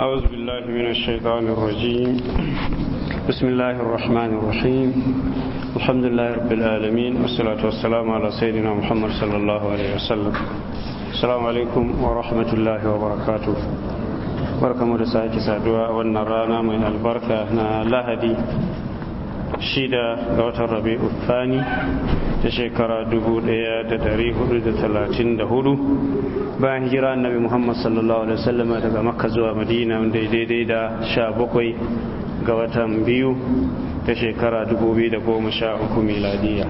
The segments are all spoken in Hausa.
أعوذ بالله من الشيطان الرجيم بسم الله الرحمن الرحيم الحمد لله رب العالمين والصلاة والسلام على سيدنا محمد صلى الله عليه وسلم السلام عليكم ورحمة الله وبركاته بركة مرساك سعدوا والنرانا من البركة هنا shida ga watan rabi'u thani ta shekara 1434 bayan hijira annabi muhammad sallallahu alaihi wasallam daga makka zuwa madina wanda ya daidai da bakwai ga watan biyu ta shekara sha 2013 miladiya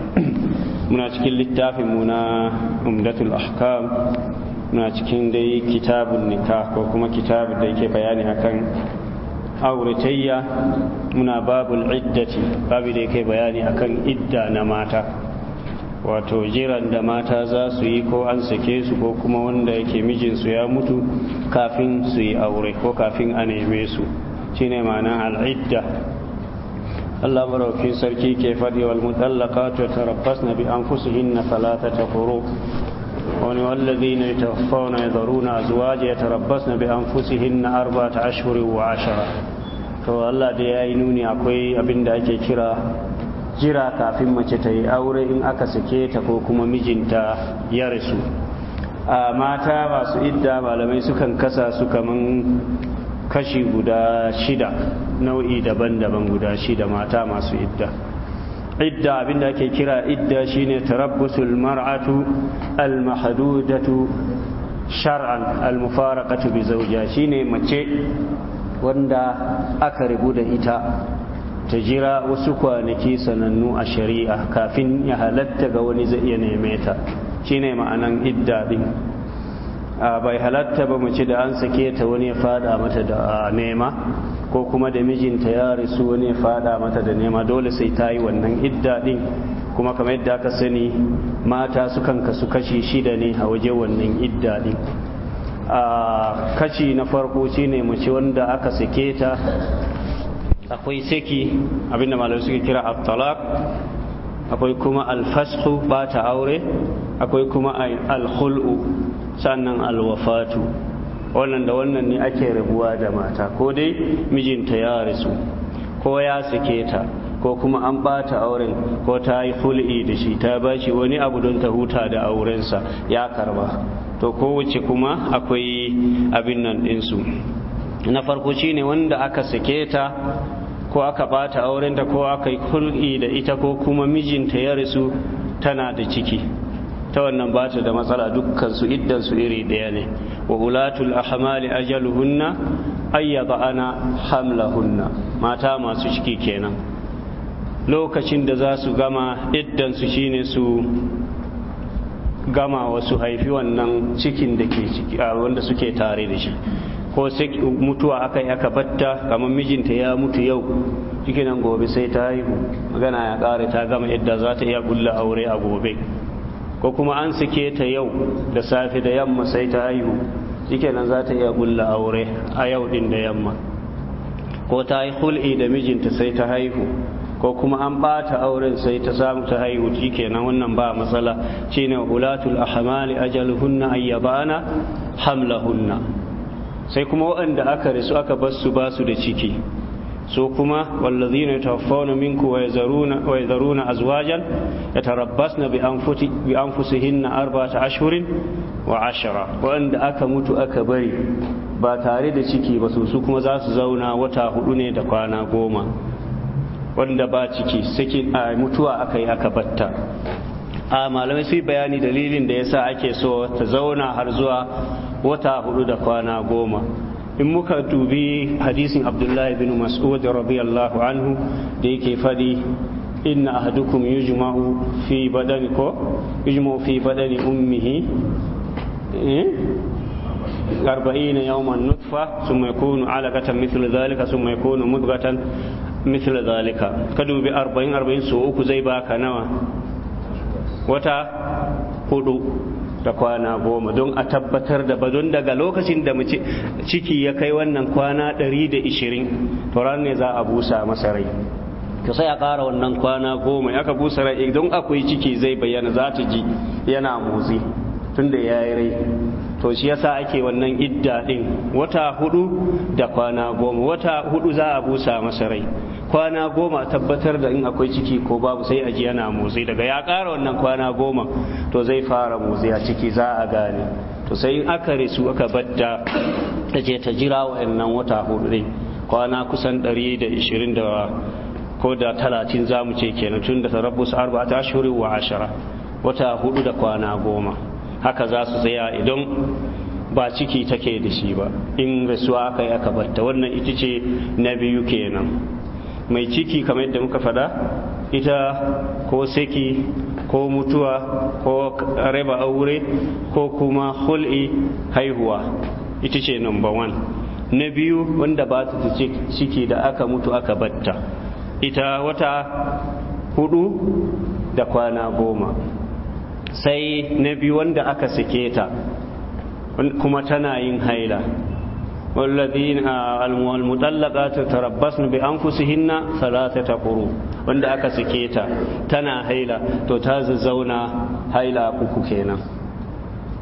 muna cikin littafin mu na umdatul ahkam muna cikin dai kitabun nikah ko kuma kitabun da yake bayani akan auratayya muna babul iddati babu da yake bayani akan idda na mata wato jiran da mata za su yi ko an sake su ko kuma wanda yake mijinsu ya mutu kafin su yi aure ko kafin a neme su shine ma'ana al'idda Allah maraukin sarki ke faɗi wal mutallaqatu yatarabbasna bi anfusihinna thalathata quru wani wallazi ne tafauna ya zaruna zuwaje ya tarabbas na bi an fusihin na arba ta ashirin wa ashara to Allah da ya yi nuni akwai abin da ake kira jira kafin mace ta yi aure in aka sake ta ko kuma mijinta ya rasu a mata masu idda malamai sukan kasa su kaman kashi guda shida nau'i daban-daban guda shida mata masu idda idda abin da ake kira idda shine tarabbusul mar'atu al-mahdudatu shar'an al-mufaraqatu bi zawjiha shine mace wanda aka rubu da ita ta jira wasu kwanaki sanannu a shari'a kafin ya halatta ga wani zai iya neme ta shine ma'anan idda din bai halatta ba mu da an sake ta wani ya fada mata da nema ko kuma da mijinta ya risu wani ya fada mata da nema dole sai ta yi wannan idda kuma kamar yadda aka sani mata sukan kasu kashi shida ne a waje wannan idda din a kashi na farko shine mace wanda aka sake ta akwai saki abinda malamai suke kira abtalak akwai kuma al ba ta aure akwai kuma alhul'u sannan alwafatu wannan da wannan ne ake rabuwa da mata ko dai mijinta ya rasu ko ya sake ta ko kuma an ɓata auren ko ta yi ful’i da shi ta bashi wani abu don ta huta da aurensa ya karba to kowace kuma akwai abin nan ɗinsu na farko shine wanda aka sake ta ko aka ɓata aurenta ko aka yi da ita ko kuma mijinta ya rasu tana da ciki ta wannan bata da matsala dukkan su iddan su iri ɗaya ne wa ulatul ahmali ajaluhunna ayyaba ana hamlahunna mata masu ciki kenan lokacin da za su gama iddansu shine su gama wasu haifi wannan cikin da ke ciki wanda suke tare da shi ko sai mutuwa aka yi aka batta kamar mijinta ya mutu yau cikinan gobe sai ta haihu magana ya ƙara ta gama idda za ta iya gulla aure a gobe ko kuma an suke ta yau da safe da yamma sai ta haihu Cikinan za ta iya gulla aure a yau din da yamma ko ta yi hul'i da mijinta sai ta haihu ko kuma an bata auren sai ta samu ta haihu kenan wannan ba matsala shine ulatul ahmali ajaluhunna ayyabana hamlahunna sai kuma waɗanda aka rasu aka bar su ba su da ciki su kuma wallazina yatawaffawna minku wa yazaruna wa azwajan yatarabbasna bi anfusi bi anfusihinna arba'ata ashhurin wa ashara wanda aka mutu aka bari ba tare da ciki ba su kuma za su zauna wata hudu ne da kwana goma wanda ba ciki saki a mutuwa aka yi aka batta a malamai sai bayani dalilin da yasa ake so ta zauna har zuwa wata hudu da kwana goma in muka dubi hadisin abdullahi bin mas'ud radiyallahu anhu da yake fadi inna ahadukum yujma'u fi badani ko yujma'u fi badani ummihi أربعين يوما نطفة ثم يكون علقة مثل ذلك ثم يكون مضغة mithla zalika ka dubi arba'in arba'in su uku zai baka nawa wata hudu da kwana goma don a tabbatar da ba don daga lokacin da ciki ya kai wannan kwana 120 to ran ne za a busa masa rai sai a ƙara wannan kwana goma aka busa rai don akwai ciki zai bayyana za ta ji yana motsi tunda ya yi rai to shi yasa ake wannan idda din wata hudu da kwana goma wata hudu za a busa masa rai kwana goma a tabbatar da in akwai ciki ko babu sai a ji yana motsi daga ya ƙara wannan kwana goma to zai fara motsi a ciki za a gane to sai in aka resu aka badda ta je ta jira wa'annan wata hudu din kwana kusan ɗari da ishirin da ko da talatin zamu ce kenan tun da tarabbus ta shuri wa ashara wata hudu da kwana goma haka za su tsaya idan ba ciki take da shi ba in rasuwa aka yi aka batta wannan ita ce na biyu kenan mai ciki kamar yadda muka faɗa ita ko saki ko mutuwa ko raba aure ko kuma hul'i haihuwa ita ce number one na biyu wanda ba ta ciki da aka mutu aka batta ita wata hudu da kwana goma sai na biyu wanda aka sike ta kuma tana yin haila والذين المطلقات تربصن بانفسهن ثلاثه قروء wanda aka sike ta tana haila to ta zazzauna haila uku kenan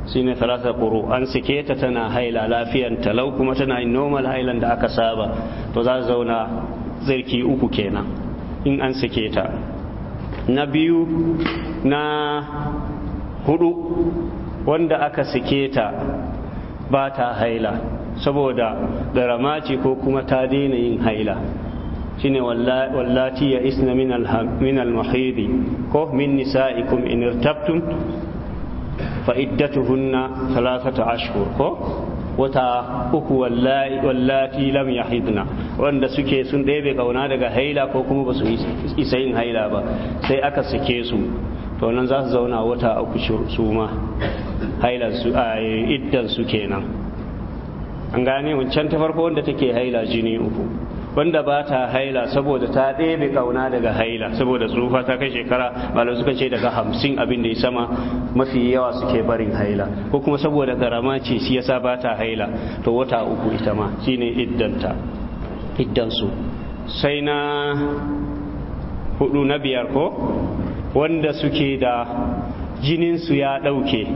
shine thalatha quru an sike ta tana haila lafiyan talau kuma tana yin normal hailan da aka saba to za zauna zirki uku kenan in an sike ta na biyu na hudu wanda aka sike ta ba ta haila saboda garama ce ko kuma ta daina yin haila shine wallati ya isna min al-mahidi ko min nisa'ikum in irtabtum fa iddatuhunna thalathata ashhur ko wata uku wallati lam yahidna wanda suke sun ɗebe kauna daga haila ko kuma basu isa yin haila ba sai aka sake su to nan za su zauna wata uku su ma hailarsu a iddansu kenan an gane wancan ta farko wanda take haila jini uku wanda ba ta haila saboda ta ɗebe kauna daga haila saboda tsufa ta kai shekara malam suka ce daga hamsin abin da ya sama mafi yawa suke barin haila ko kuma saboda karama ce shi yasa ba ta haila to wata uku ita ma shine iddanta iddansu sai na hudu na biyar ko wanda suke da jininsu ya ɗauke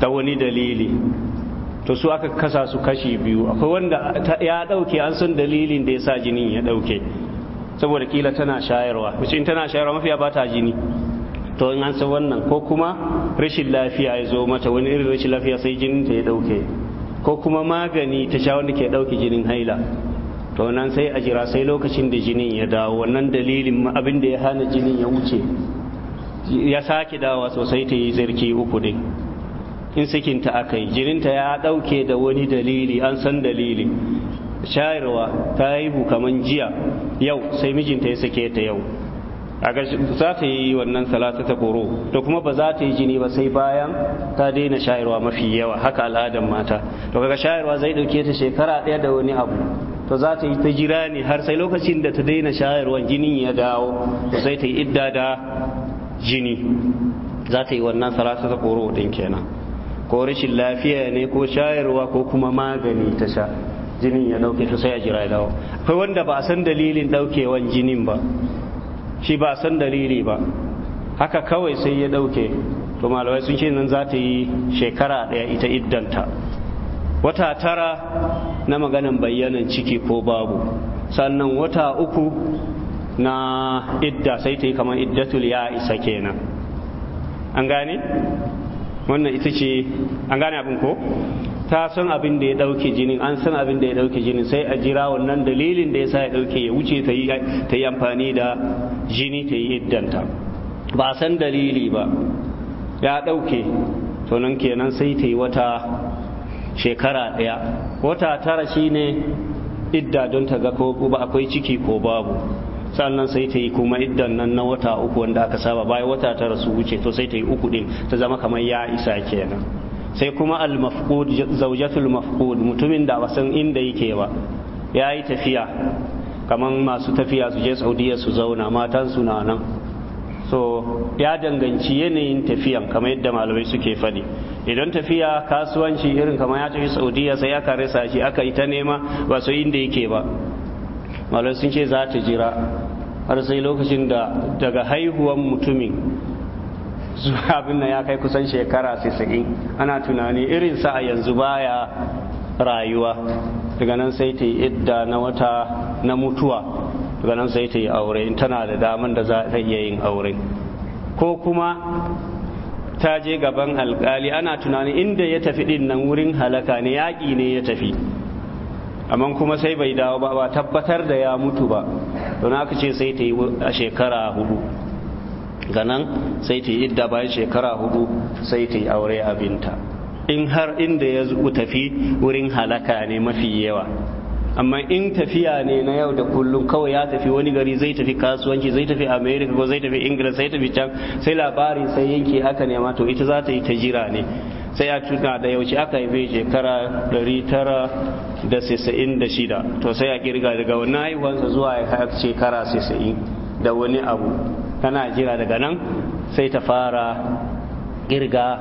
ta wani dalili to su aka kasa su kashi biyu akwai wanda ya ɗauke an san dalilin da ya sa jinin ya ɗauke saboda kila tana shayarwa wace in tana shayarwa mafiya ba ta jini to in an san wannan ko kuma rashin lafiya ya zo mata wani irin rashin lafiya sai jinin ta ya ɗauke ko kuma magani ta sha wanda ke ɗauke jinin haila to nan sai a jira sai lokacin da jinin ya dawo wannan dalilin abin da ya hana jinin ya wuce ya sake dawa sosai ta yi zirki uku din in sikinta aka yi jininta ya ɗauke da wani dalili an san dalili shayarwa ta haihu kaman jiya yau sai mijinta ya sake ta yau a za ta yi wannan salata ta koro to kuma ba za ta yi jini ba sai bayan ta daina shayarwa mafi yawa haka al'adar mata to kaga shayarwa zai ɗauke ta shekara ɗaya da wani abu to za ta yi ta jira ne har sai lokacin da ta daina shayarwa jinin ya dawo to sai ta yi idda da jini za ta yi wannan salata ta koro din kenan ko rashin lafiya ne ko shayarwa ko kuma magani ta sha jinin ya dauke to sai a jira ya dawo akwai wanda ba a san dalilin daukewan jinin ba shi ba a san dalili ba haka kawai sai ya dauke to malamai sun ce nan za ta yi shekara daya ita iddanta wata tara na maganan bayyanan ciki ko babu sannan wata uku na idda sai ta yi kamar iddatul ya isa kenan an gane wannan ita ce an gane abin ko ta san abin da ya dauke jinin an san abin da ya dauke jinin sai a jira wannan dalilin da ya sa ya dauke ya wuce ta yi amfani da jini ta yi iddanta ba san dalili ba ya dauke to nan kenan sai ta yi wata shekara ɗaya wata tara shine idda don ta ga ko ba akwai ciki ko babu sannan sai ta yi kuma iddan nan na wata uku wanda aka saba bayan wata tara su wuce to sai ta yi uku ɗin ta zama kamar ya isa kenan sai kuma al-mafqud zawjatul mafqud mutumin da wasan inda yake ba yayi tafiya kaman masu tafiya su je Saudiya su zauna matan su na nan so ya danganci yanayin tafiyan kamar yadda malamai suke faɗi idan tafiya kasuwanci irin kamar ya tafi saudiya sai aka rasa shi aka yi ta nema ba su inda yake ba malar sun ce za ta jira har sai lokacin da daga haihuwan mutumin zuwa abin nan ya kai kusan shekara sai ana tunani irin sa a yanzu baya rayuwa daga nan sai ta yi idda na wata na mutuwa daga nan sai ta yi aure tana da daman da za ta iya yin aure ko kuma ta je gaban alkali ana tunanin inda ya tafi din nan wurin halaka ne yaƙi ne ya tafi amma kuma sai bai dawo ba ba tabbatar da ya mutu ba don haka ce sai ta yi a shekara hudu ganan sai ta yi idda bayan shekara hudu sai ta yi aure abinta in har inda ya tafi wurin halaka ne mafi yawa amma in tafiya ne na yau da kullum kawai ya tafi wani gari zai tafi kasuwanci zai tafi america ko zai tafi ingila sai tafi can sai labarin sai yanke haka ne ma to ita za ta yi ta jira ne sai ya tuna da yaushe aka haife shekara 996 to sai ya kirga daga wannan haihuwansa zuwa ya shekara 90 da wani abu tana jira daga nan sai ta fara kirga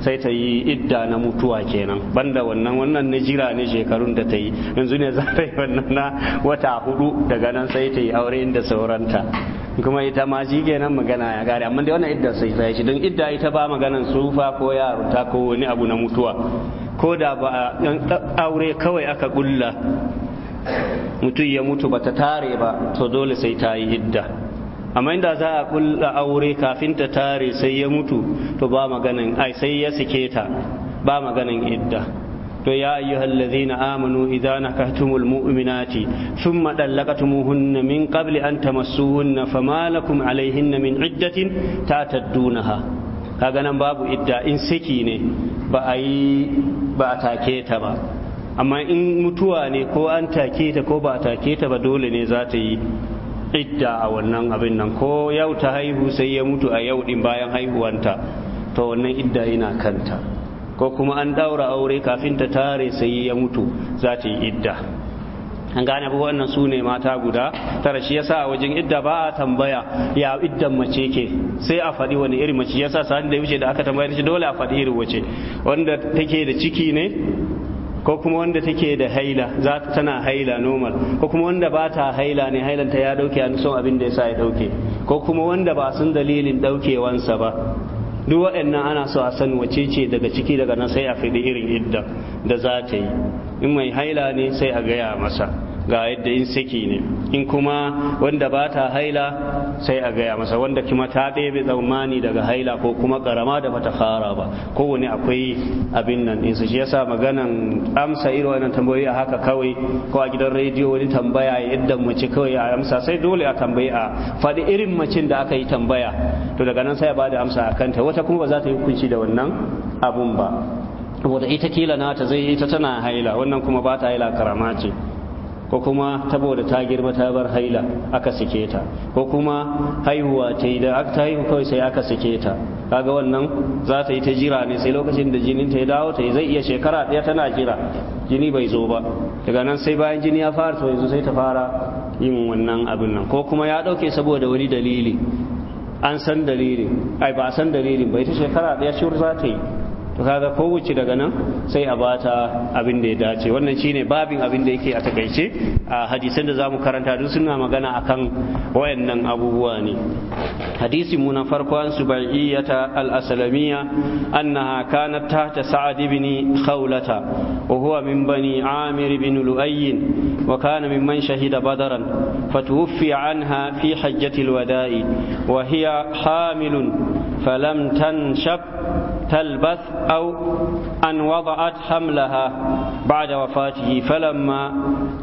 sai ta yi idda na mutuwa kenan banda wannan wannan na jira ne shekarun da ta yi yanzu ne za ta yi wannan na wata hudu daga nan sai ta yi aure inda sauranta kuma ita ma ji kenan magana ya gare amma dai wannan idda sai ta yi don idda ita ba maganan sufa ko yaro ta ko wani abu na mutuwa ko da ba aure kawai aka kulla mutum ya mutu ba ta tare ba to dole sai ta yi idda amma inda za a kulla aure kafin ta tare sai ya mutu to ba maganin ai sai ya sike ta ba maganin idda to ya ayyuhal ladzina amanu idza nakahtumul mu'minati thumma dallaqatumuhunna min qabli an tamassuhunna fama lakum alayhinna min iddatin tatadunaha kaga nan babu idda in siki ne ba a yi ba a take ta ba amma in mutuwa ne ko an take ta ko ba a take ta ba dole ne za ta yi idda a wannan abin nan ko yau ta haihu sai ya mutu a yau din bayan haihuwanta to wannan idda yana kanta ko kuma an daura aure kafin ta tare sai ya mutu za ta yi idda an gane ba wannan su mata guda tara shi yasa a wajen idda ba a tambaya ya iddan mace ke sai a faɗi wani irin mace yasa sa'an da wuce da aka tambaya shi dole a faɗi irin wace wanda take da ciki ne ko kuma wanda take da haila za tana haila normal ko kuma wanda ba ta haila ne hailanta ya dauke a son abin da ya sa ya dauke ko kuma wanda ba sun dalilin daukewansa ba duk waɗannan ana so a san wace ce daga ciki daga nan sai a fidi irin idda da za ta yi in mai haila ne sai a gaya masa ga yadda in saki ne in kuma wanda ba ta haila sai a gaya masa wanda kuma ta ɗebe tsammani daga haila ko kuma karama da bata fara ba kowane akwai abin nan su shi yasa maganan amsa irin wannan tambayoyi a haka kawai ko a gidan rediyo wani tambaya yadda mace kawai a amsa sai dole a tambayi a faɗi irin macin da aka yi tambaya to daga nan sai a bada amsa a kanta wata kuma ba za ta yi hukunci da wannan abun ba saboda ita kila nata zai ita tana haila wannan kuma ba ta haila karama ce ko kuma saboda ta girma ta bar haila aka sike ta ko kuma haihuwa ta yi da aka haihu kawai sai aka sike ta kaga wannan za ta yi ta jira ne sai lokacin da jinin ta ya dawo ta zai iya shekara ɗaya tana jira jini bai zo ba daga nan sai bayan jini ya fara to yanzu sai ta fara yin wannan abin nan ko kuma ya ɗauke saboda wani dalili an san dalilin ai ba san dalilin bai ta shekara ɗaya shur za ta yi kaga ko wuce daga nan sai a bata abin da ya dace wannan shine babin abin da yake a takaice a hadisin da zamu karanta duk suna magana akan wayannan abubuwa ne hadisi mu na farko an subaiyata al aslamiya annaha kanat tahta sa'ad ibn khawlata wa huwa min bani amir ibn lu'ay wa kana mimman shahida badaran anha fi hajjatil wada'i wa hiya hamilun فلم تنشب تلبث أو أن وضعت حملها بعد وفاته فلما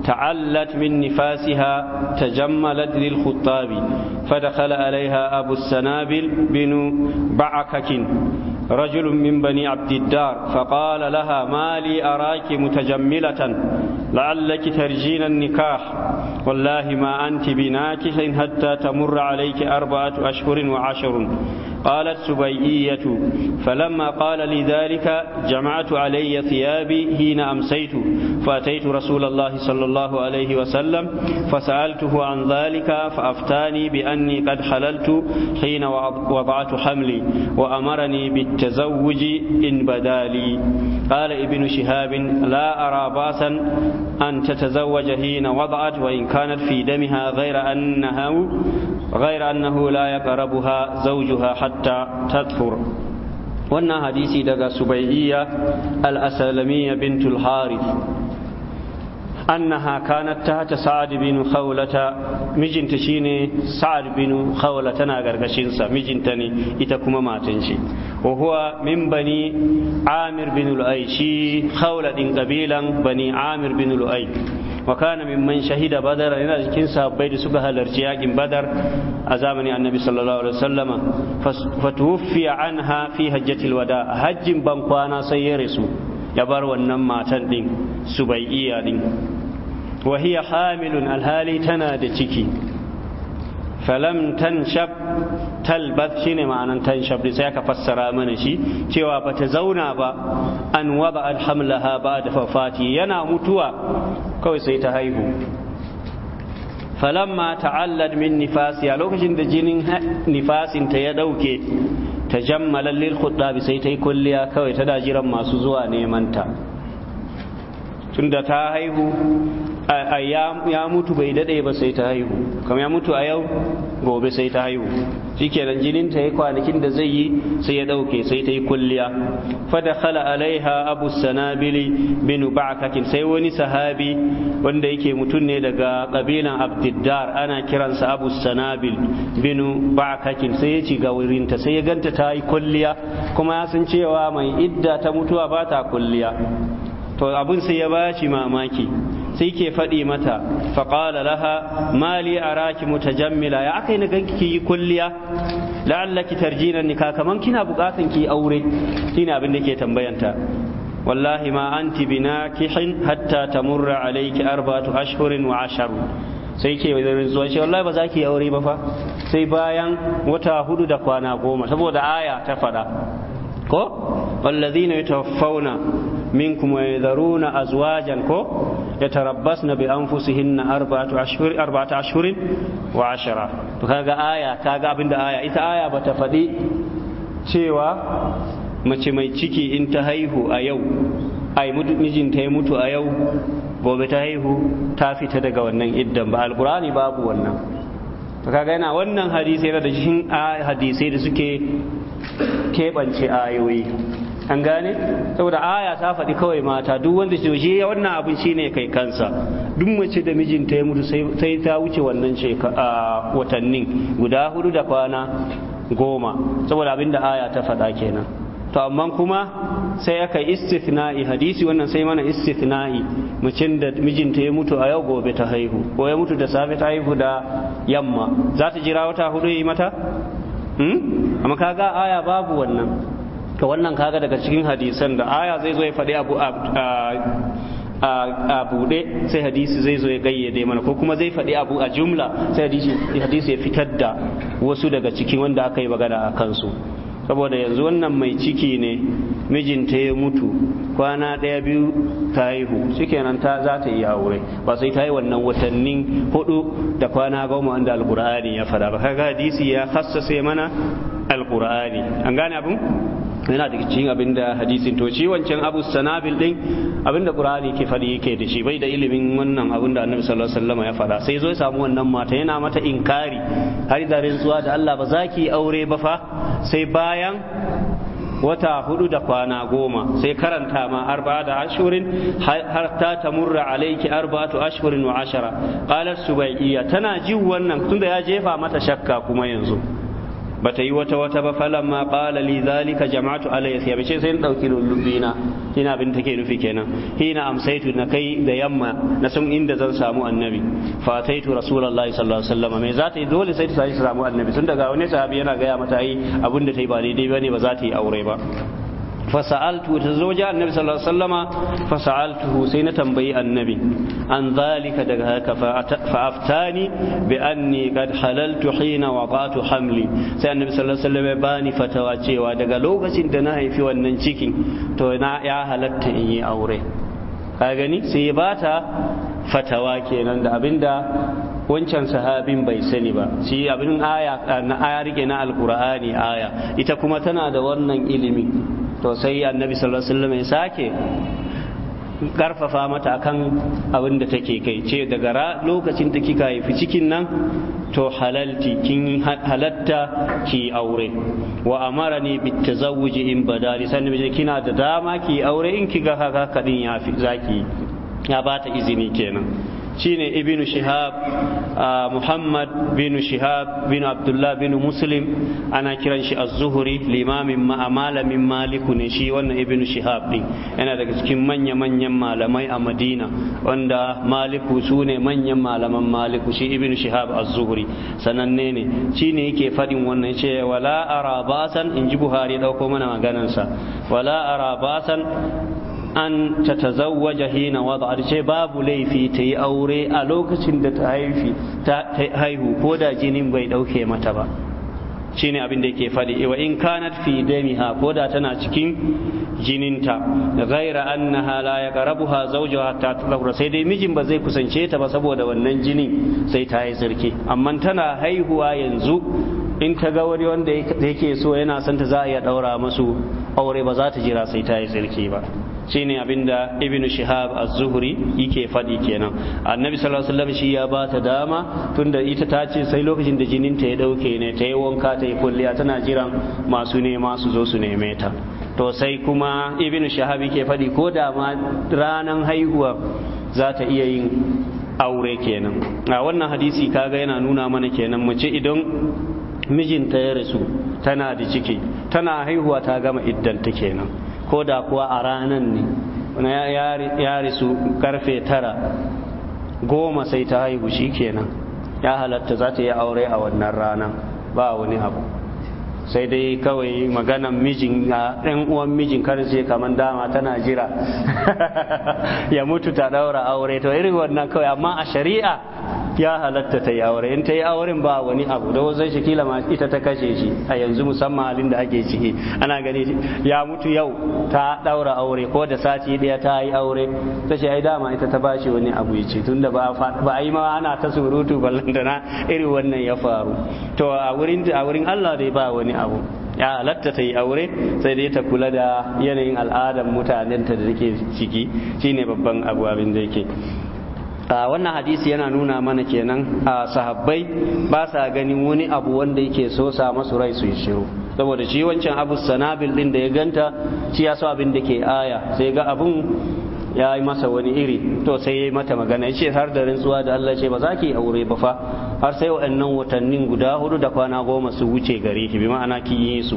تعلت من نفاسها تجملت للخطاب فدخل عليها أبو السنابل بن بعكك رجل من بني عبد الدار فقال لها ما لي أراك متجملة لعلك ترجين النكاح والله ما أنت بناكح حتى تمر عليك أربعة أشهر وعشر قالت سبيئية فلما قال لي ذلك جمعت علي ثيابي حين أمسيت فأتيت رسول الله صلى الله عليه وسلم فسألته عن ذلك فأفتاني بأني قد حللت حين وضعت حملي وأمرني بالتزوج إن بدا لي قال ابن شهاب لا أرى باسا أن تتزوج حين وضعت وإن كانت في دمها غير أنها غير أنه لا يقربها زوجها حتى تطهر وانا حديثي دقى سبيعية الأسلمية بنت الحارث أنها كانت تحت سعد بن خولة مجن تشيني سعد بن خولة ناقر قشنسا مجن تني إتكما ما تنشي وهو من بني عامر بن الأيشي خولة قبيلا بني عامر بن الأيشي wa kana mimman shahida badar yana cikin sahabbai da suka halarci yakin badar a zamanin annabi sallallahu alaihi wasallama fatuwfiya anha fi hajjatil wada hajjin ban kwana sai ya rasu ya bar wannan matan din iya din wa hiya hamilun alhali tana da ciki falam tanshab talbat shine ma'anan tanshab sai aka fassara mana shi cewa bata zauna ba an wada alhamlaha ba da fafati yana mutuwa kawai sai ta haihu falamma ta'allad min nifasi a lokacin da jinin nifasin ta ya dauke ta jammalan lil khuddabi sai ta yi kulliya kawai ta jiran masu zuwa neman ta tunda ta haihu ya mutu bai daɗe ba sai ta haihu kamar ya mutu a yau gobe sai ta haihu shikenan jinin ta yi kwanakin da zai yi sai ya ɗauke sai ta yi kulliya fada khala alaiha abu sanabili bin ba'kakin sai wani sahabi wanda yake mutum ne daga kabilan abdiddar ana kiransa abu sanabil bin ba'kakin sai ya ci ga wurinta sai ya ganta ta yi kulliya kuma ya san cewa mai idda ta mutuwa ba ta kulliya to abun sai ya baci mamaki sai ke faɗi mata faƙala laha mali araki mutajammila ya aka yi na ganki yi kulliya la'allaki tarjinan nika kaman kina buƙatan ki aure shine abin da ke tambayanta wallahi ma anti binakihin hatta tamurra alayki arba'atu ashhurin wa asharu sai ke zuwa ce wallahi ba za ki aure ba fa sai bayan wata hudu da kwana goma saboda aya ta faɗa ko والذين يتوفون منكم ويذرون أزواجا كو يتربصن بأنفسهن أربعة أشهر أربعة أشهر وعشرة كاغا آية كاغا بند آية إتا آية بتفدي cewa mace mai ciki in ta haihu a yau ai mijinta ya mutu a yau gobe ta haihu ta fita daga wannan iddan ba alkurani babu wannan to kaga yana wannan hadisai da cikin hadisai da suke keɓance ayoyi an gane saboda aya ta faɗi kawai mata duk wanda shi shi wannan abin shine kai kansa duk mace da mijinta ya mutu sai ta wuce wannan watannin guda hudu da kwana goma saboda abin da aya ta faɗa kenan to amma kuma sai aka istithna'i hadisi wannan sai mana istithna'i mucin da mijinta ya mutu a yau gobe ta haihu ko ya mutu da safe ta haihu da yamma za ta jira wata hudu yi mata hmm? amma kaga aya babu wannan ka wannan kaga daga cikin hadisan da aya zai zo ya faɗi abu a buɗe sai hadisi zai zo ya gayyade mana ko kuma zai faɗi abu a jumla sai hadisi ya fitar da wasu daga cikin wanda aka yi magana a kansu saboda yanzu wannan mai ciki ne mijinta ya mutu kwana ɗaya biyu ta haihu shikenan ta za ta yi aure ba sai ta yi wannan watannin hudu da kwana goma wanda alkur'ani ya faɗa ba kaga hadisi ya hassase mana alkur'ani an gane abin yana da cikin abin da hadisin to shi wancan abu sanabil din abin da qur'ani ke fadi yake da shi bai da ilimin wannan abin da annabi sallallahu alaihi wasallam ya fada sai zo ya samu wannan mata yana mata inkari har da rantsuwa da Allah ba za ki aure ba fa sai bayan wata hudu da kwana goma sai karanta ma arba'a da ashurin har ta tamurra alaiki arba'atu ashurin wa ashara qalat subayya tana jin wannan tunda ya jefa mata shakka kuma yanzu bata yi wata wata ba falamma ma li zalika jama'tu alayhi sai bace sai in dauki na ina abin take nufi kenan hina amsaitu na kai da yamma na san inda zan samu annabi fataitu rasulullahi sallallahu alaihi wasallam me za ta yi dole sai ta samu annabi tun daga wani sahabi yana gaya mata yi abin da ta yi ba daidai bane ba za ta yi aure ba fasa'altu ta zo ji annabi sallallahu alaihi wasallama fasa'altuhu sai na tambayi annabi an zalika daga haka fa'aftani bi anni qad halaltu hina wadatu hamli sai annabi sallallahu alaihi wasallama bani fatawa cewa daga lokacin da na haifi wannan cikin to na ya halatta in yi aure ka gani sai ba bata fatawa kenan da abinda wancan sahabin bai sani ba shi abin aya na aya rike na alkur'ani aya ita kuma tana da wannan ilimi to sai annabi sallallahu alaihi wasallam ya sake karfafa mata akan abin da take kai ce daga lokacin da kika haifi cikin nan to halalti kin halatta ki aure wa amarani bitazawuji in badali sannan kina da dama ki aure in kiga haka kadin yafi zaki ya bata izini kenan shine ibnu shihab uh, muhammad bin shihab bin abdullah bin muslim ana kiran shi az-zuhri limamin malamin maliku ne shi wannan ibnu shihab din yana daga cikin manya manyan malamai a madina wanda maliku sune manyan malaman maliku shi ibnu shihab az-zuhri sananne ne shine yake fadin wannan ce wala ara basan inji buhari dauko mana maganansa wala ara basan an ta tazawwaja hina wada ce babu laifi ta yi aure a lokacin da ta haifi ta haihu ko da jinin bai dauke mata ba ne abin da yake faɗi wa in kanat fi damiha ko da tana cikin jininta ghaira annaha la yaqrabuha zawjuha hatta tadhura sai dai mijin ba zai kusance ta ba saboda wannan jinin sai ta yi sarki amma tana haihuwa yanzu in ta ga wani wanda yake so yana son ta za a iya ɗaura masu aure ba za ta jira sai ta yi tsirki ba shine abinda ibn shihab az-zuhri yake faɗi kenan annabi sallallahu alaihi shi ya ba ta dama tunda ita ta ce sai lokacin da jinin ta ya dauke ne ta yi wanka ta yi kulliya tana jiran masu nema su zo su neme ta to sai kuma ibn shihab yake faɗi ko da ma ranan haihuwa za ta iya yin aure kenan a wannan hadisi kaga yana nuna mana kenan mu ce idan mijinta ya rasu tana da ciki tana haihuwa ta gama ta kenan ko da kuwa a ranan ne ya rasu karfe tara goma sai ta haihu shi kenan ya halatta za ta yi aure a wannan rana ba wani abu sai dai kawai maganan mijin a ɗan uwan mijin kan sai kamar dama tana jira ya mutu ta ɗaura aure to irin wannan kawai amma a shari'a ya halatta ta yi aure in ta yi auren ba wani abu da wazan shi kila ma ita ta kashe shi a yanzu musamman halin da ake ciki ana gani ya mutu yau ta daura aure ko da sati daya ta yi aure ta ce ai dama ita ta bashi wani abu ya ce tunda ba a yi ma ana ta surutu ballan da na irin wannan ya faru to a wurin a wurin Allah dai ba wani abu ya halatta ta yi aure sai dai ta kula da yanayin al'adar mutanen ta da take ciki shine babban abu abin da yake a wannan hadisi yana nuna mana kenan a sahabbai ba sa ganin wani abu wanda yake so sa masu rai su shiru saboda shi wancan abu sanabil din da ya ganta shi ya so abin da ke aya sai ga abun ya yi masa wani iri to sai ya yi mata magana ya ce har da rantsuwa da Allah ce ba za ki aure ba fa har sai waɗannan watannin guda hudu da kwana goma su wuce gare ki bi ma'ana ki yi su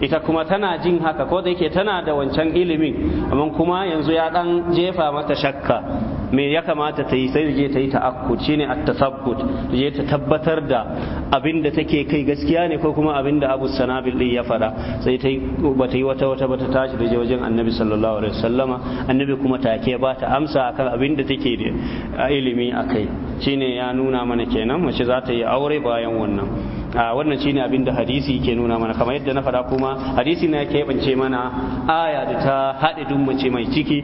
ita kuma tana jin haka ko da yake tana da wancan ilimin amma kuma yanzu ya dan jefa mata shakka me ya kamata ta yi sai je ta yi ta'akkut shine at-tasabbut je ta tabbatar da abin da take kai gaskiya ne ko kuma abin da Abu Sanabil din ya faɗa sai ta yi bata yi wata wata bata tashi da je wajen Annabi sallallahu alaihi wasallama Annabi kuma take ba ta amsa akan abin da take da ilimi akai shine ya nuna mana kenan mace za ta yi aure bayan wannan wannan shine abin da hadisi ke nuna mana kama yadda na faɗa kuma hadisi na bance mana aya da ta haɗe duk mace mai ciki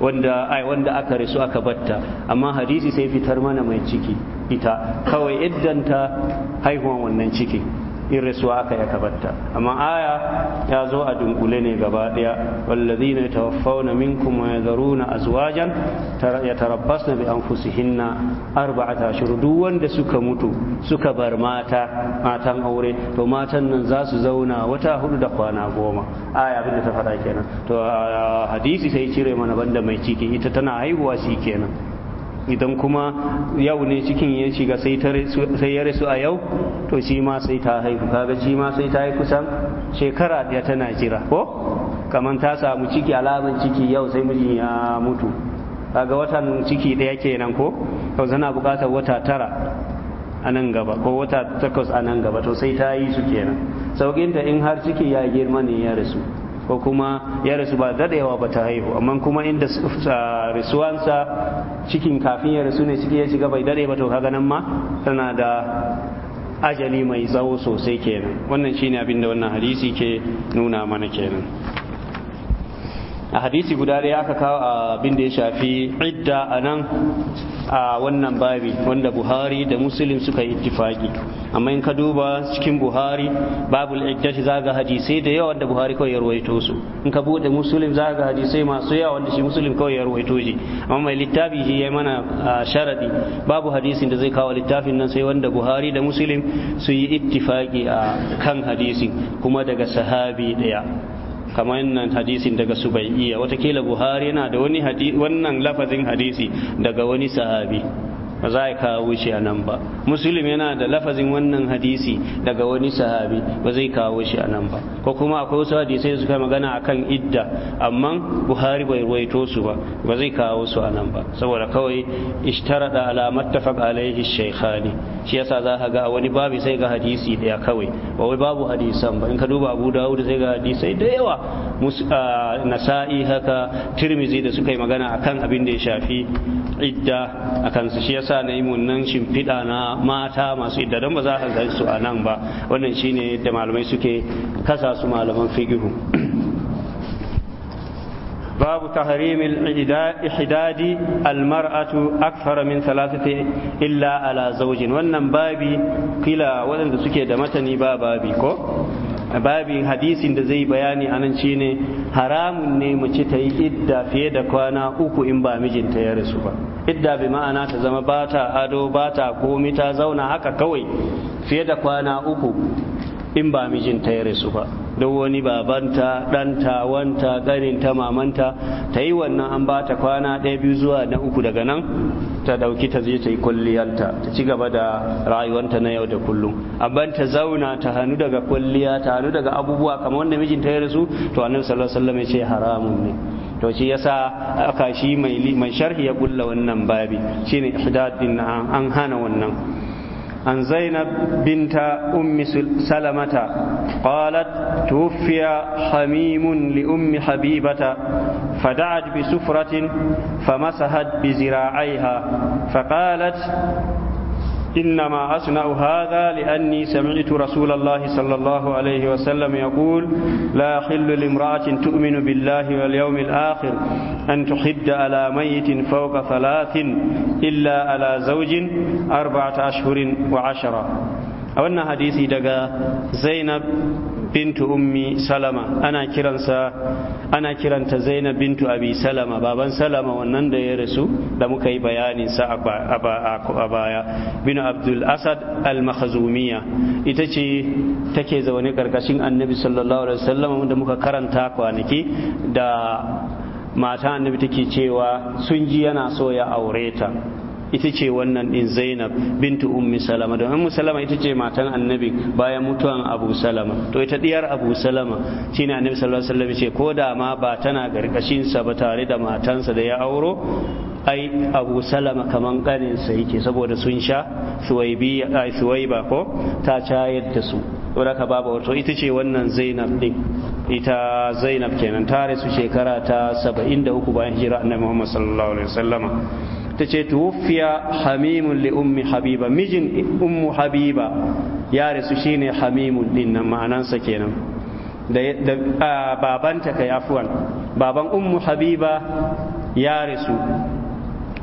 wanda ai wanda aka rasu aka batta amma hadisi sai fitar mana mai ciki ita kawai iddanta haihuwan wannan ciki in rasuwa aka ya kabarta amma aya ya zo a dunkule ne gaba daya wallazina yatawaffawna minkum wa yadharuna azwajan yatarabbasna bi anfusihinna arba'ata ashhur duk wanda suka mutu suka bar mata matan aure to matan nan za su zauna wata hudu da kwana goma aya abinda ta faɗa kenan to hadisi sai cire mana banda mai ciki ita tana haihuwa shi kenan idan kuma yau ne cikin ya shiga sai ya rasu a yau to shi ma sai ta haihu kaga shi ma sai ta yi kusan shekara ɗaya tana jira ko kamar ta samu ciki alamun ciki yau sai mijin ya mutu kaga watan ciki ɗaya kenan ko to zana buƙatar wata tara a nan gaba ko wata takwas a nan gaba to sai ta yi su kenan sauƙinta in har ciki ya girma ne ya rasu ko kuma ya rasu ba daɗewa ba ta haihu amma kuma inda rasuwansa cikin kafin ya rasu ne ciki ya shiga bai daɗe ba to kaga nan ma tana da ajali mai tsawo sosai kenan wannan shine abin da wannan hadisi ke nuna mana kenan a hadisi guda ɗaya aka kawo abin da ya shafi idda a nan a wannan babi wanda buhari da musulun suka yi ittifaki amma in ka duba cikin buhari babu idda shi zaga hadisai da yawa wanda buhari kawai ya ruwaito su in ka bude musulun zaga hadisai masu yawa wanda shi musulun kawai ya ruwaito shi amma mai littafi shi ya mana sharadi babu hadisin da zai kawo littafin nan sai wanda buhari da musulun su yi ittifaki a kan hadisin kuma daga sahabi ɗaya kamar nan hadisin daga subai'iya watakila buhari yana da wani wannan lafazin hadisi daga wani sahabi ba za a kawo shi a nan ba musulun yana da lafazin wannan hadisi daga wani sahabi ba zai kawo shi a nan ba ko kuma akwai wasu hadisai suka magana a kan idda amma buhari bai ruwaito su ba ba zai kawo su a nan ba saboda kawai alamar ta faɗa alaihi shaikhani shi yasa za ka ga wani babu sai ga hadisi daya kawai ba wai babu hadisan ba in ka duba abu dawud sai ga hadisai da yawa nasa'i haka tirmizi da suka yi magana akan abin da ya shafi idda akan su shi yasa sa na yi munnan shimfiɗa na mata masu idadan don ba za a gan su a nan ba wannan shine da malamai suke kasa su malaman figihu باب تحريم الإحداد المرأة أكثر من ثلاثة إلا على زوج wannan babi kila waɗanda suke da matani ba babi ko babin hadisin da zai bayani anan shine haramun ne mace ta yi idda fiye da kwana uku in ba mijinta ya rasu ba idda bi ma'ana ta zama ba ta ado ba ta komi ta zauna haka kawai fiye da kwana uku in ba mijinta ya rasu ba don wani babanta ɗanta wanta ta mamanta ta yi wannan an ba ta kwana ɗaya biyu zuwa na uku daga nan ta ɗauki ta je ta yi kwalliyanta ta ci gaba da rayuwanta na yau da kullum abban ta zauna ta hannu daga kwalliya ta hannu daga abubuwa kamar wanda mijinta ya rasu to annabi sallallahu alaihi wasallam ya ce haramun ne to shi yasa aka shi mai sharhi ya kulla wannan babi shine ihdadin an hana wannan عن زينب بنت أم سلمة قالت توفي حميم لأم حبيبة فدعت بسفرة فمسحت بذراعيها فقالت إنما أصنع هذا لأني سمعت رسول الله صلى الله عليه وسلم يقول لا يحل لامرأة تؤمن بالله واليوم الآخر أن تحد على ميت فوق ثلاث إلا على زوج أربعة أشهر وعشرة a wannan hadisi daga zainab bintu ummi salama ana kiransa ana kiranta zainab bintu abi salama baban salama wannan da ya rasu da muka yi bayanin sa a baya bin abdul asad al makhzumiya ita ce take zaune karkashin annabi sallallahu alaihi wasallam da muka karanta kwanaki da mata annabi take cewa sun ji yana so ya aure ta ita ce wannan din Zainab bintu Ummi Salama don Ummi Salama ita ce matan Annabi bayan mutuwan Abu Salama to ita diyar Abu Salama shine Annabi sallallahu alaihi wasallam ce ko da ma ba tana garkashin sa ba tare da matansa da ya auro ai Abu Salama kaman ganin sa yake saboda sun sha suwaibi ai suwaiba ko ta cayar da su ka babu wato ita ce wannan Zainab din ita Zainab kenan ta su shekara ta 73 bayan hijira Annabi Muhammad sallallahu alaihi wasallama ta ce tuwuffiya hamimun li ummi habiba mijin ummu habiba ya rasu shine hamimun din nan ma'anansa kenan da babanta kai afuwan baban ummu habiba ya rasu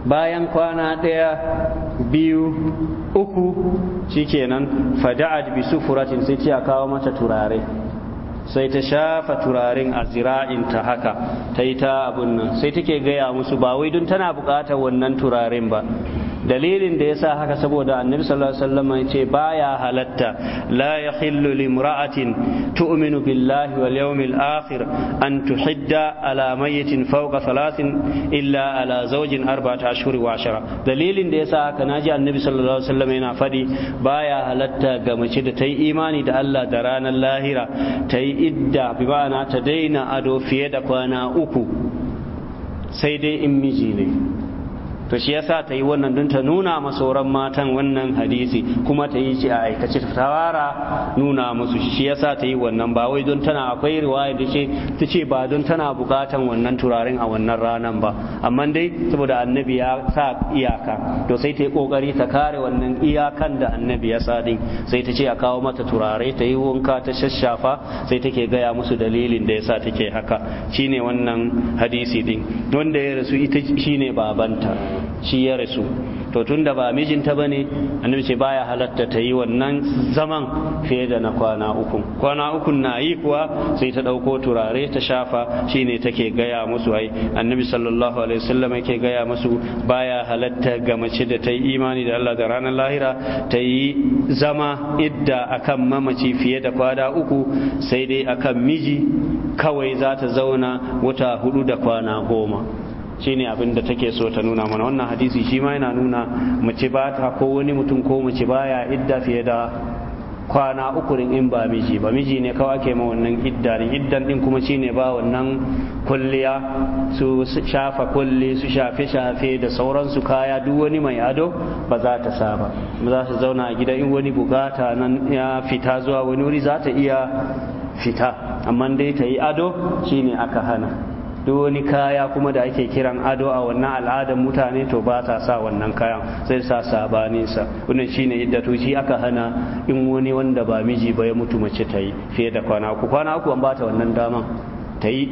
bayan kwana ɗaya biyu uku shikenan fada'at bi sufuratin sai ta kawo mata turare sai ta shafa turaren a zira'inta haka ta yi ta abun nan sai take gaya musu ba wai don tana bukatar wannan turaren ba dalilin da yasa haka saboda annabi sallallahu alaihi wasallam ya ce baya halatta la yahillu limra'atin tu'minu billahi wal yawmil akhir an tuhidda ala mayyitin fawqa thalathin illa ala zawjin arba'ata ashhur wa ashara dalilin da yasa haka naji annabi sallallahu alaihi wasallam yana fadi baya halatta ga mace da ta yi imani da Allah da ranar lahira ta yi idda bi ta daina ado fiye da kwana uku sai dai in miji ne to shi yasa ta yi wannan don ta nuna ma matan wannan hadisi kuma ta yi shi a aikace ta tawara nuna musu shi yasa ta yi wannan ba wai don tana akwai riwaya da ce ta ce ba don tana bukatan wannan turaren a wannan ranan ba amma dai saboda annabi ya sa iyaka to sai ta yi kokari ta kare wannan iyakan da annabi ya sa din sai ta ce a kawo mata turare ta yi wanka ta shashafa sai take gaya musu dalilin da yasa take haka shine wannan hadisi din wanda ya rasu ita shine babanta shi ya rasu to tunda ba mijinta bane annabi ce baya halatta ta yi wannan zaman fiye da na kwana uku kwana uku na yi kuwa sai ta ɗauko turare ta shafa shine take gaya musu ai annabi sallallahu alaihi wasallam yake gaya musu baya halatta ga mace da ta yi imani da Allah da ranar lahira ta yi zama idda akan mamaci fiye da kwana uku sai dai akan miji kawai za ta zauna wata hudu da kwana goma ne abin da take so ta nuna mana wannan hadisi shi ma yana nuna mace ba ta ko wani mutum ko mace baya idda fiye da kwana ukurin in ba miji ba miji ne kawai ke ma wannan idda ne iddan din kuma shi ne ba wannan kulliya su shafa kulli su shafe shafe da sauransu kaya duk wani mai ado ba za ta saba za su zauna a gida in wani bukata nan ya fita zuwa wani wuri za ta iya fita amma dai ta yi ado ne aka hana duk wani kaya kuma da ake kiran ado a wannan al'adar mutane to ba ta sa wannan kayan sai sa sabaninsa wannan shine to shi aka hana in wani wanda ba miji ba ya mutu mace ta yi fiye da kwana uku kwana uku an bata wannan daman ta yi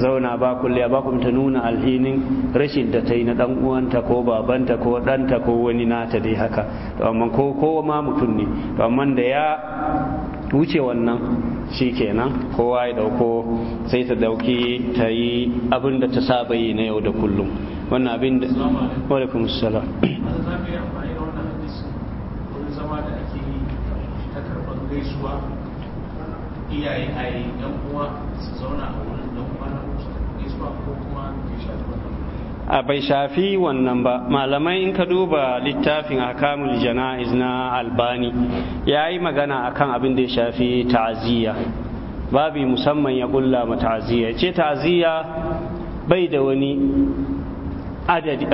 zauna ba kulle ba kuma ta nuna alhinin rashin da ta yi na dan uwanta ko babanta ko ɗanta ko wani nata dai haka to amma ko kowa ma mutum ne to amma da ya wuce wannan shi kenan kowa ya dauko sai ta dauki ta yi abin da ta saba yi na yau da kullum wannan abin da walaikum salam iyaye a yi uwa su zauna a wurin dan uwa na da kuma a bai shafi wannan ba malamai in ka duba littafin akamul jana'iz na albani ya yi magana akan abin da ya shafi ta'aziyya babi musamman ya kulla ma ta'aziyya ce ta'aziyya bai da wani adadi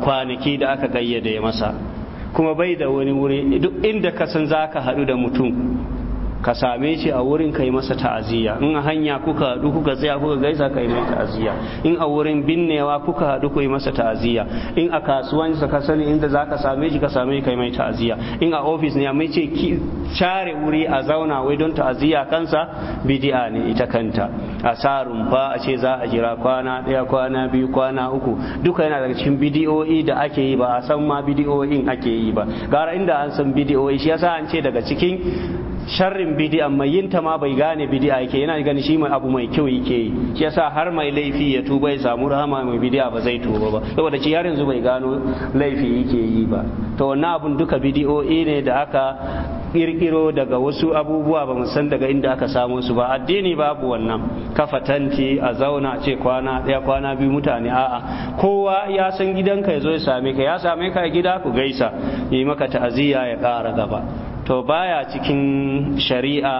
kwanaki da aka gayyade masa kuma bai da wani wuri duk inda ka san za ka haɗu da mutum ka same shi a wurin kai masa ta'aziyya in a hanya kuka haɗu kuka tsaya kuka gaisa kai mai ta'aziyya in a wurin binnewa kuka hadu kai masa ta'aziyya in a kasuwanci ka sani inda za ka same shi ka same shi kai mai ta'aziyya in a ofis ne mai ce ki share wuri a zauna wai don ta'aziyya kansa bid'a ne ita kanta a sa rumfa a ce za a jira kwana ɗaya kwana biyu kwana uku duka yana daga cikin bidi'o'i da ake yi ba a san ma bidi'o'in ake yi ba gara inda an san bidi'o'i shi yasa an ce daga cikin sharrin bidiyan mai yin ta ma bai gane bidi'a yake yana gani shi mai abu mai kyau yake yi shi yasa har mai laifi ya tuba ya samu rahama mai bidi'a ba zai tuba ba saboda shi har yanzu bai gano laifi yake yi ba to wannan abun duka bidi'oi ne da aka kirkiro daga wasu abubuwa ba mu san daga inda aka samo su ba addini babu wannan kafa tanti a zauna ce kwana ɗaya kwana biyu mutane a'a kowa ya san gidanka ya zo ya same ka ya same ka gida ku gaisa yi maka ta'aziyya ya ƙara gaba to baya cikin shari'a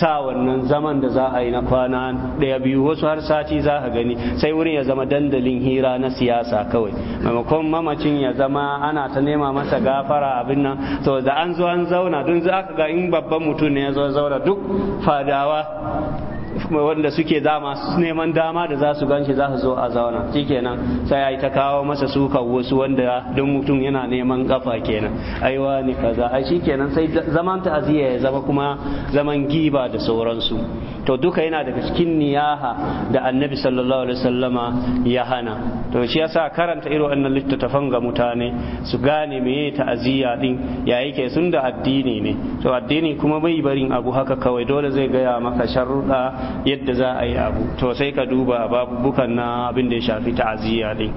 sa wannan zaman da za a yi na kwana ɗaya biyu wasu har sati za a gani sai wurin ya zama dandalin hira na siyasa kawai maimakon mamacin ya zama ana ta nema masa gafara abin nan to da an zo an zauna don za ka ga in babban mutum ne ya zo zauna duk fadawa kuma wanda suke dama neman dama da za su ganshi za su zo a zauna shikenan sai ya yi ta kawo masa suka wasu wanda don mutum yana neman kafa kenan aiwa ne kaza ai shikenan sai zaman ta'aziyya ya zama kuma zaman giba da sauransu to duka yana daga cikin niyaha da annabi sallallahu alaihi wasallama ya hana to shi yasa karanta irin wannan littattafan ga mutane su gane meye ta'aziyya din ya yake sun da addini ne to addini kuma bai barin abu haka kawai dole zai gaya maka sharuɗa yadda za a yi abu to sai ka duba babu bukan na abin da ya shafi ta'aziyya din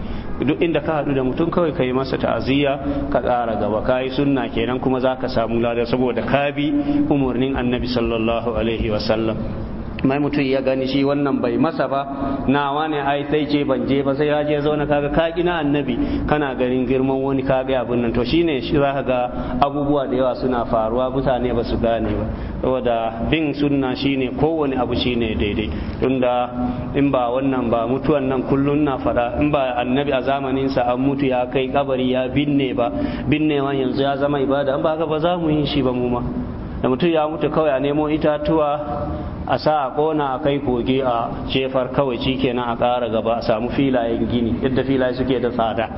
duk inda ka haɗu da mutum kawai ka yi masa ta'aziyya ka tsara gaba ka yi sunna kenan kuma za ka samu lada saboda ka bi umarnin annabi sallallahu alaihi wasallam mai mutum ya gani shi wannan bai masa ba nawa ne ai sai ce ban je ba sai ya je zauna kaga ka kina annabi kana garin girman wani kaga abin nan to shine shi zaka ga abubuwa da yawa suna faruwa mutane ba su gane ba saboda bin sunna shine kowane abu shine daidai tunda in ba wannan ba mutuwan nan kullun na fada in ba annabi a zamanin sa an mutu ya kai kabari ya binne ba binnewan yanzu ya zama ibada in ba haka ba za mu yi shi ba mu ma da mutum ya mutu kawai a nemo itatuwa a sa a kona a kai kogi a cefar kawai kenan a ƙara gaba a samu filayen gini yadda filaye suke da tsada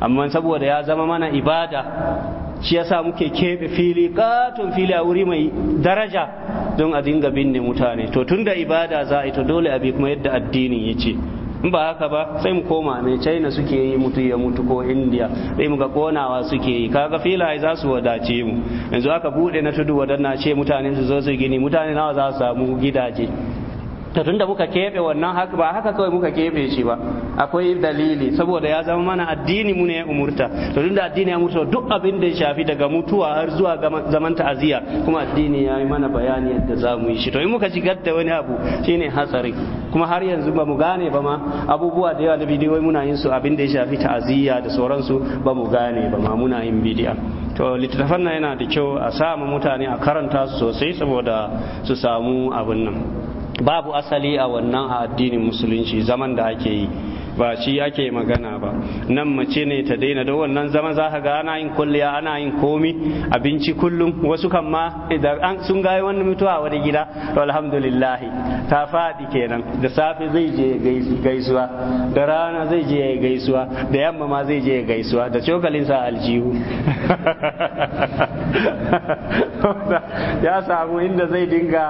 amma saboda ya zama mana ibada shi yasa muke keɓe fili katon fili a wuri mai daraja don a dinga binne mutane to tun da ibada za a yi to dole a bi kuma yadda addinin ya ce in ba haka ba sai mu koma mai china suke yi mutu ya mutu ko india sai mu ga konawa suke yi kaga filaye za su wadace mu yanzu aka bude na tudu wadanna ce mutane su zo su gini mutane nawa za su samu gidaje to tunda muka keɓe wannan haka ba haka kawai muka keɓe shi ba akwai dalili saboda ya zama mana addini mu ne ya umurta to tunda addini ya umurta duk abin da ya shafi daga mutuwa har zuwa zaman ta'aziyya kuma addini ya yi mana bayani yadda za mu yi shi to in muka shigar da wani abu shine hatsari kuma har yanzu ba mu gane ba ma abubuwa da yawa da bidiyo muna yin su abin da ya shafi ta'aziyya da sauransu ba mu gane ba ma muna yin bidiya to littattafan nan yana da kyau a sama mutane a karanta su sosai saboda su samu abin nan babu asali a wannan a addinin musulunci zaman da ake yi ba shi ake magana ba nan mace ne ta daina da wannan zama za ka ga ana yin kulliya ana yin komi abinci kullum wasu kan ma idan an sun ga wani mutuwa a wani gida to alhamdulillah ta fadi kenan da safe zai je gaisuwa da rana zai je gaisuwa da yamma ma zai je gaisuwa da cokalin sa aljihu ya samu inda zai dinga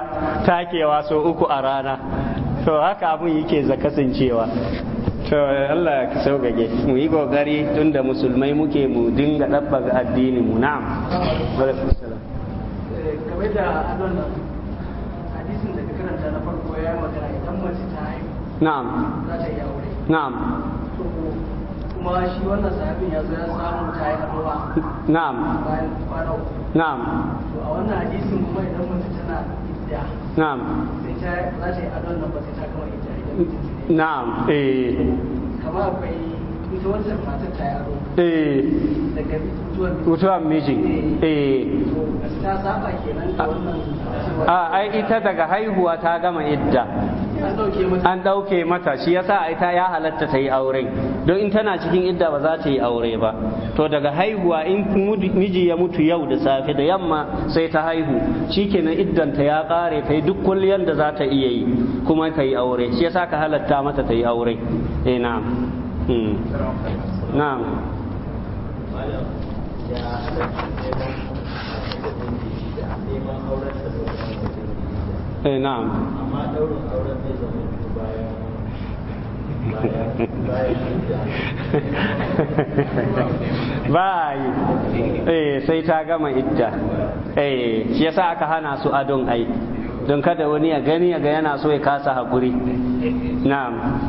takewa so uku a rana to haka abun yake za kasancewa to Allah ka sauƙaƙe mu yi ƙoƙari tun da musulmai muke mu dinga ga addini mu na'am kamar eh, da adon hadisin da ka karanta na farko ya magana idan mace ta haihu na'am za ta yi aure na'am kuma shi wannan sahabin ya zo ya samu ta yi aure na'am bayan kwana uku na'am to a wannan hadisin kuma idan mace tana idda na'am sai ta za ta yi adon nan ba sai ta kama idda idan mijinta na'am eh kamar eh, eh. eh. a ai ita daga haihuwa ta gama idda an ɗauke mata shi yasa a ita ya halatta ta yi aure don in tana cikin idda ba za ta yi aure ba to daga haihuwa in miji ya mutu yau da safe da yamma sai ta haihu shikenan na iddanta ya ƙare ta yi duk kulliyar da za ta iya yi kuma ta yi aure shi yasa ka halatta mata ta yi aure eh Hmm. na'am eh na'am amma bayan eh, sai ta gama idda eh yasa aka hana su adon ai don kada wani ya gani ya ga yana so ya kasa haƙuri na'am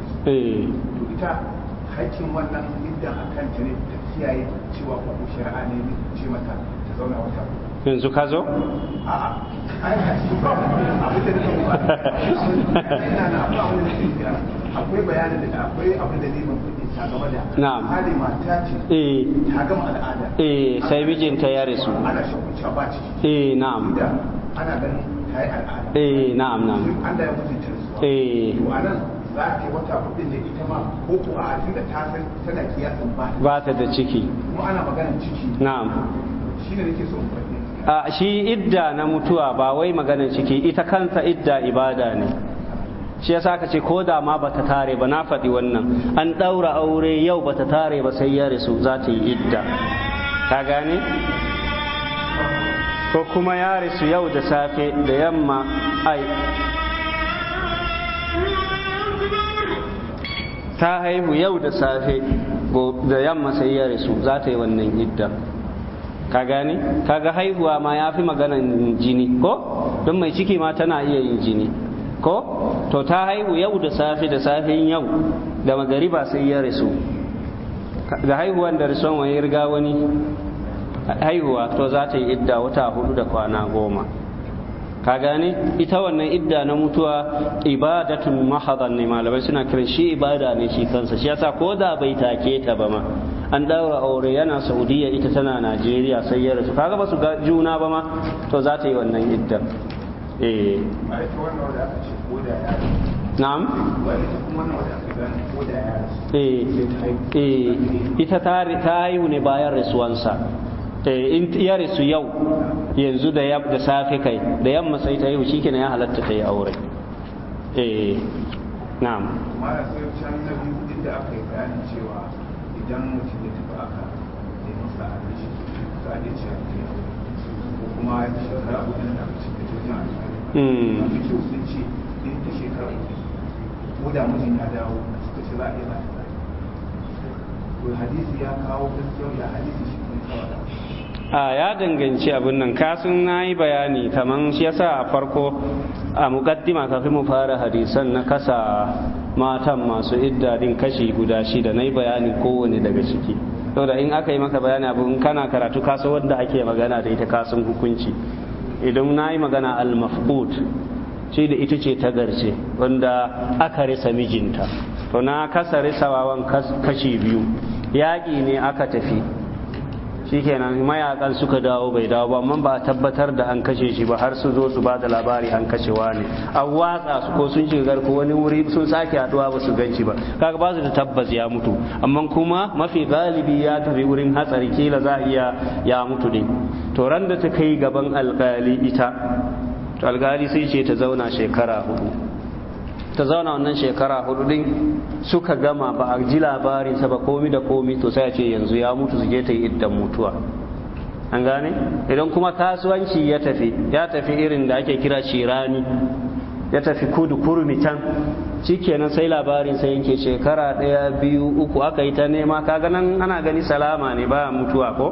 eh ita hakkin wannan a akan ta ne ta kiyaye cewa shari'a ne ce mata ta zauna wata yanzu ka zo? akwai bayanin da akwai da ta da hali mata ce eh. ta gama al'ada eh sai ya rasu ana ba ciki eh na'am ana ganin ta yi al'ada eh na'am na'am Allah ya mutunta su eh to anan za ta yi wata kudin da ita ma ko kuma a da ta san tana kiyasin ba ba ta da ciki kuma ana maganar ciki na'am shi ne nake so in faɗi a shi idda na mutuwa ba wai maganar ciki ita kanta idda ibada ne shi yasa ka ce ko da ma bata tare ba na faɗi wannan an ɗaura aure yau bata tare ba sai ya rasu za ta yi idda ka gane ko kuma ya rasu yau da safe da yamma ai ta haihu yau da safe da yamma sai ya rasu za ta yi wannan idda ka gane kaga haihuwa ma ya fi maganan jini ko don mai ciki ma tana iya yin jini ko to ta haihu yau da safe da safen yau da magariba sai ya rasu da haihuwan da rasuwan wani riga wani haihuwa to za ta yi idda wata hudu da kwana goma ka gane ita wannan idda na mutuwa ibadatun mahadan ne malamai suna kiran shi ibada ne shi kansa shi yasa ko da bai take ta ba ma an daura aure yana saudiya ita tana najeriya sai ya rasu kaga ba su juna ba ma to za ta yi wannan idda eh na'am eh, eh. ita ta haihu ne bayan rasuwansa Eh, in ya su yau yanzu da da safe kai da yamma sai ta yi shi ya halatta ta yi aure eh na'am mara sai can da biyu da aka yi bayanin cewa idan mutum ya tafi aka da masa abinci za a iya ce ko kuma ya shekara uku da aka cikin jiya a cikin sun ce in ta shekara ko da mutum ya dawo suka ce za a iya ba ta hadisi ya kawo gaskiyar da hadisi shi a ya danganci abin nan kasun na yi bayani kamar shi yasa a farko a mukaddima kafin mu fara hadisan na kasa matan masu iddadin kashi guda shida na yi bayani kowane daga ciki da in aka yi maka bayani abin kana karatu kasu wanda ake magana da ita kasan hukunci idan na yi magana al-mafqud ce da ita ce ta garce wanda aka risa mijinta to na kasa risawa kashi biyu yaƙi ne aka tafi shikenan mayakan suka dawo bai dawo ba amma ba tabbatar da an kashe shi ba har su zo su ba da labari an kashewa ne an watsa su ko sun shiga garko wani wuri sun sake haduwa ba su ganci ba kaga ba su da tabbas ya mutu amma kuma mafi galibi ya tafi wurin hatsari kila za a iya ya mutu ne to ran da ta kai gaban alkali ita to alkali sai ce ta zauna shekara hudu ta zauna wannan shekara hudu din suka gama ba a ji labarin sa ba komi da komi to sai ce yanzu ya mutu su je ta yi iddan mutuwa an gane idan kuma kasuwanci ya tafi ya tafi irin da ake kira shirani ya tafi kudu kurmi can shikenan sai labarin sai yanke shekara ɗaya biyu uku aka yi ta nema kaga nan ana gani salama ne ba mutuwa ko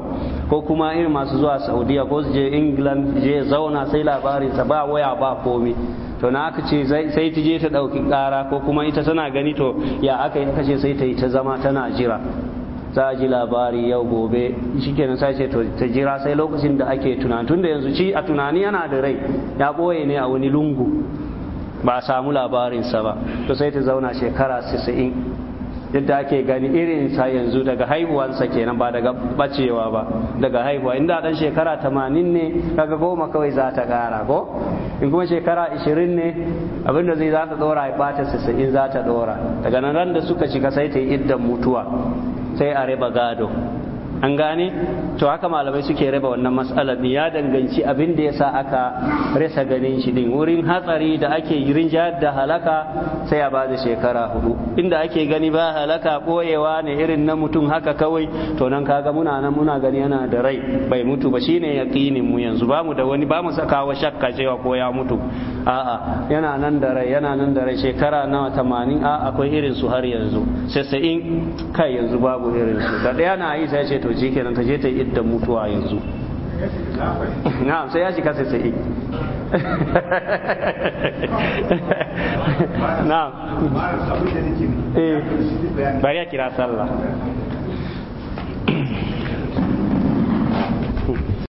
ko kuma irin masu zuwa saudiya ko su je england je zauna sai labarin sa ba waya ba komi to na aka ce sai ta je ta ɗauki ƙara ko kuma ita tana gani to ya aka yi aka ce sai ta yi ta zama tana jira za ji labari yau gobe shikenan sai ce ta jira sai lokacin da ake tunani tunda yanzu ci a tunani yana da rai ya ɓoye ne a wani lungu ba a samu labarinsa ba to sai ta zauna shekara 90 yadda ake gani irin sa yanzu daga haihuwansa kenan ba daga bacewa ba daga haihuwa inda dan shekara 80 ne kaga goma kawai za ta kara ko in kuma shekara 20 ne abinda zai za ta dora ya bata 90 za ta dora daga nan ran da suka shiga sai ta yi iddan mutuwa sai a raba gado an gane to haka malamai suke raba wannan matsalar ya danganci abin da yasa aka rasa ganin shi din wurin hatsari da ake jihar da halaka sai a ba da shekara hudu inda ake gani ba halaka boyewa ne irin na mutum haka kawai to nan kaga muna nan muna gani yana da rai bai mutu ba shine yaqinin mu yanzu ba mu da wani ba mu sakawa shakka cewa ko ya mutu a'a yana nan da rai yana nan da rai shekara nawa tamanin a akwai irin su har yanzu sai sai in kai yanzu babu irin su da ɗaya na yi sai ce to to ji kenan ta je ta idda mutuwa yanzu na'am sai ya shiga sai sai na'am eh bari ya kira sallah